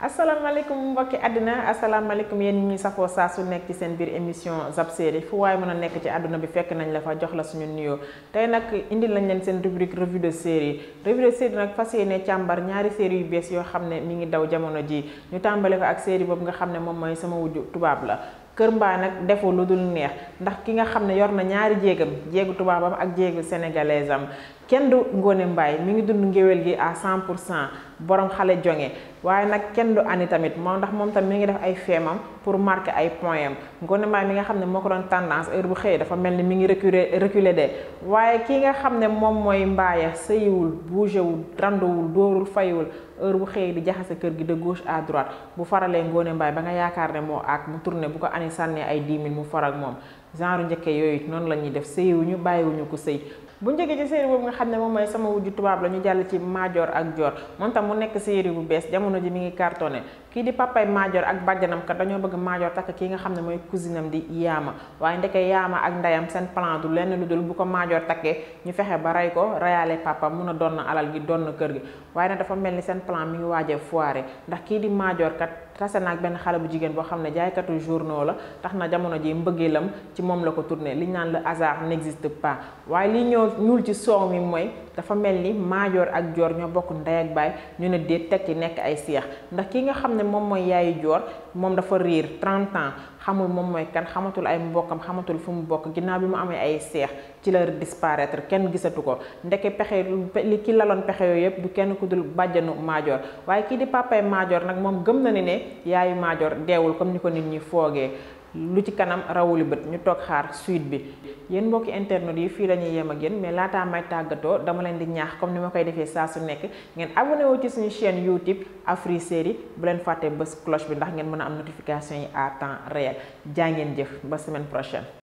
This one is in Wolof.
asalaamaaleykum mbokki àddina asalaamaaleykum yéen ñi ñuy safoo saa su nekk ci seen biir émission Zap Série fu waaye mën a nekk ci àdduna bi fekk nañ la fa jox la suñu nuyoo tey nag indi lañ leen seen rubrique revue de série revue de série nag fas yéene càmbar ñaari série yu bees yoo xam ne mi ngi daw jamono ji ñu tàmbale ko ak série boobu nga xam ne moom mooy sama wujju tubaab la kër mbaa nag deful lu dul neex ndax ki nga xam ne yor na ñaari jéegam jéegu tubaabam ak jéegu sénégalaise am kenn du Ngoné mbaay mi ngi dund ngéwél gi à 100 pour cent borom xale jonge waaye nag kenn du ani tamit moom ndax moom tam mi ngi def ay feemam pour marquer ay points am Ngoné mi nga xam ne moo ko doon tendance heure bu xëyee dafa mel ni mu ngi reculer reculer de waaye kii nga xam ne moom mooy mbaaya sëyiwul bougéwul randuwul dóorul fayiwul heure bu xëyee di jaxase kër gi de gauche à droite bu faralee Ngoné mbaay ba nga yaakaar ne moo ak mu tourné bu ko ani sànnee ay 10 000 mu faral moom genre njëkk yooyu noonu la ñuy def sëyiwuñu bàyyiwuñu ko sëy bu njëkkee ci série nga xam ne moom mooy sama wujju tubaab la ñu jàll ci Madior ak Dior moom tam mu nekk série bu bees jamono ji mi ngi cartonné kii di papay Madior ak bàjjanam kat dañoo bëgg Madior takk kii nga xam ne mooy cousine am di Yaama waaye ndeke Yaama ak ndeyam seen plan du lenn lu dul bu ko Madior takkee ñu fexe ba rey ko reyaale papa mun a doon alal gi doon kër gi waaye nag dafa mel ni seen plan mi ngi waajee foiré ndax kii di Madior kat tase naag benn xale bu jigéen boo xam ne jaaykatu journaux la tax na jamono ji mbëggilam ci moom la ko tourné li ñu naan le hasard n'existe pas waaye li ñoo ñuul ci soow mi mooy dafa mel ni maajoor ak joor ñoo bokk ndey ak baay ñu ne déet teg ci nekk ay seex ndax kii nga xam ne moom mooy yaayu joor moom dafa riir 30 ans xamul moom mooy kan xamatul ay mbokkam xamatul fu mu bokk ginnaaw bi mu amee ay seex ci la disparaître kenn gisatu ko ndeke pexe li ki laloon pexe yooyu yëpp du kenn ku dul bàjjanu maajoor waaye kii di papay majoor nag moom gëm na ni ne yaayu maajoor deewul comme ni ko nit ñi foogee lu ci kanam rawuli bët ñu toog xaar suite bi yéen mbokki internet yi fii la ñuy yem ak yéen mais laataa may tàggatoo dama leen di ñaax comme ni ma koy defee saa su nekk ngeen abonné wu ci suñu chaîne YouTube Afri yi bu leen fàtte bës cloche bi ndax ngeen mën a am notification yi à temps réel jaa ngeen jëf ba semaine prochaine.